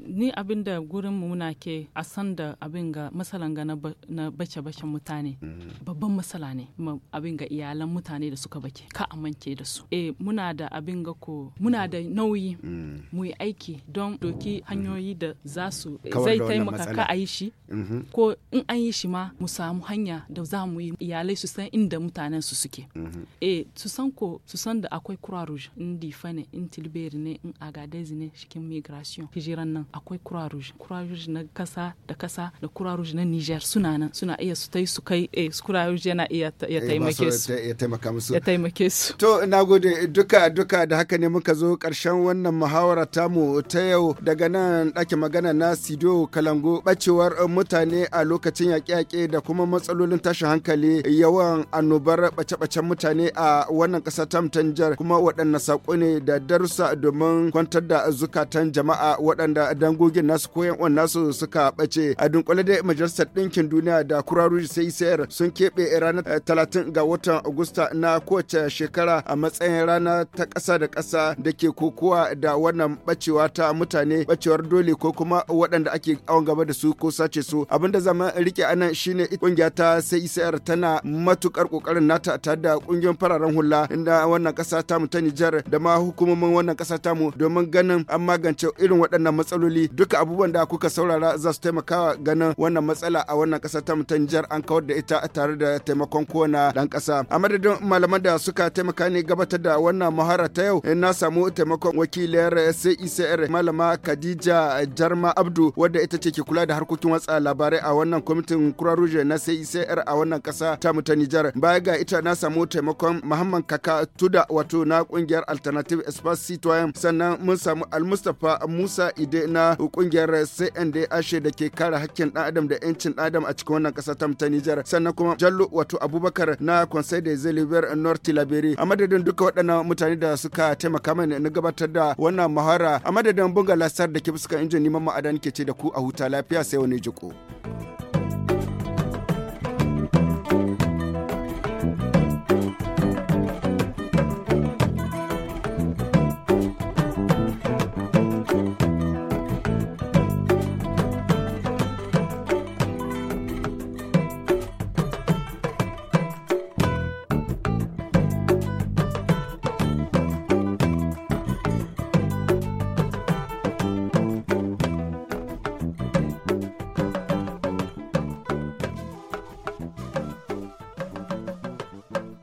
ni abin da gurin mu muna ke a san da abin ga matsalan ga na bace bace mutane mm. babban matsala ne abin ga iyalan mutane da suka bake ka amince da su eh muna da abin ga ko muna da nauyi mm. mu yi aiki don doki mm-hmm. hanyoyi da za su zai taimaka ka a yi shi mm-hmm. ko in an yi shi ma mu samu hanya da za mu yi iyalai su san inda mutanen su suke mm-hmm. eh su san ko su san da akwai kura rouge in difane in tilberi ne in agadez ne cikin migration hijiran nan akwai croix rouge na kasa da kasa da croix na niger suna nan suna iya su tai su kai eh croix yana iya ya eh, taimake su ya taimaka musu ya taimake su to nagode duka duka da haka ne muka zo karshen wannan muhawara tamu ta yau daga nan ɗakin magana na sido kalango bacewar mutane a lokacin yaƙe-yaƙe da kuma matsalolin tashin hankali yawan annobar bace-bacen mutane a wannan ƙasa ta kuma waɗanne saƙo ne da darussa domin kwantar da zukatan jama'a waɗanda dangogin nasu koyan yan nasu suka ɓace a dunkule da majalisar ɗinkin duniya da kuraru sai sayar sun keɓe ranar eh, talatin ga watan agusta na kowace shekara a matsayin rana ta ƙasa da ƙasa da ke kokowa da wannan ɓacewa ta mutane ɓacewar dole ko kuma waɗanda ake awon gaba da su ko sace su abinda zama rike a nan shine ƙungiya ta sai sayar tana matuƙar ƙoƙarin nata tare da ƙungiyar fararen hula inda wannan ƙasa mu ta Nijar da ma hukumomin wannan ƙasa mu. domin ganin an magance irin waɗannan matsaloli duka abubuwan da kuka saurara za su taimaka ganin wannan matsala a wannan ƙasa ta mutan jihar an kawar da ita tare da taimakon kowane ɗan ƙasa a madadin malaman da suka taimaka ne gabatar da wannan muhara ta yau eh, na samu taimakon wakiliyar CICR e malama kadija Jarma Abdu wadda ita ce ke kula da harkokin watsa labarai a wannan kwamitin Croix na CICR e a wannan ƙasa ta mutan Nijar baya ga ita na samu taimakon Muhammad Kaka Tuda wato na ƙungiyar Alternative Espace Citoyen san. nan mun samu almustapha musa ide na kungiyar cnd ashe da ke kare hakkin dan adam da yancin dan adam a cikin wannan kasa ta ta nijar sannan kuma jallo wato abubakar na conseil de zeliver nord labere a madadin duka waɗannan mutane da suka taimaka mana na gabatar da wannan muhara a madadin bunga lasar da ke fuskan injin neman ma'adan ke ce da ku a huta lafiya sai wani jiko.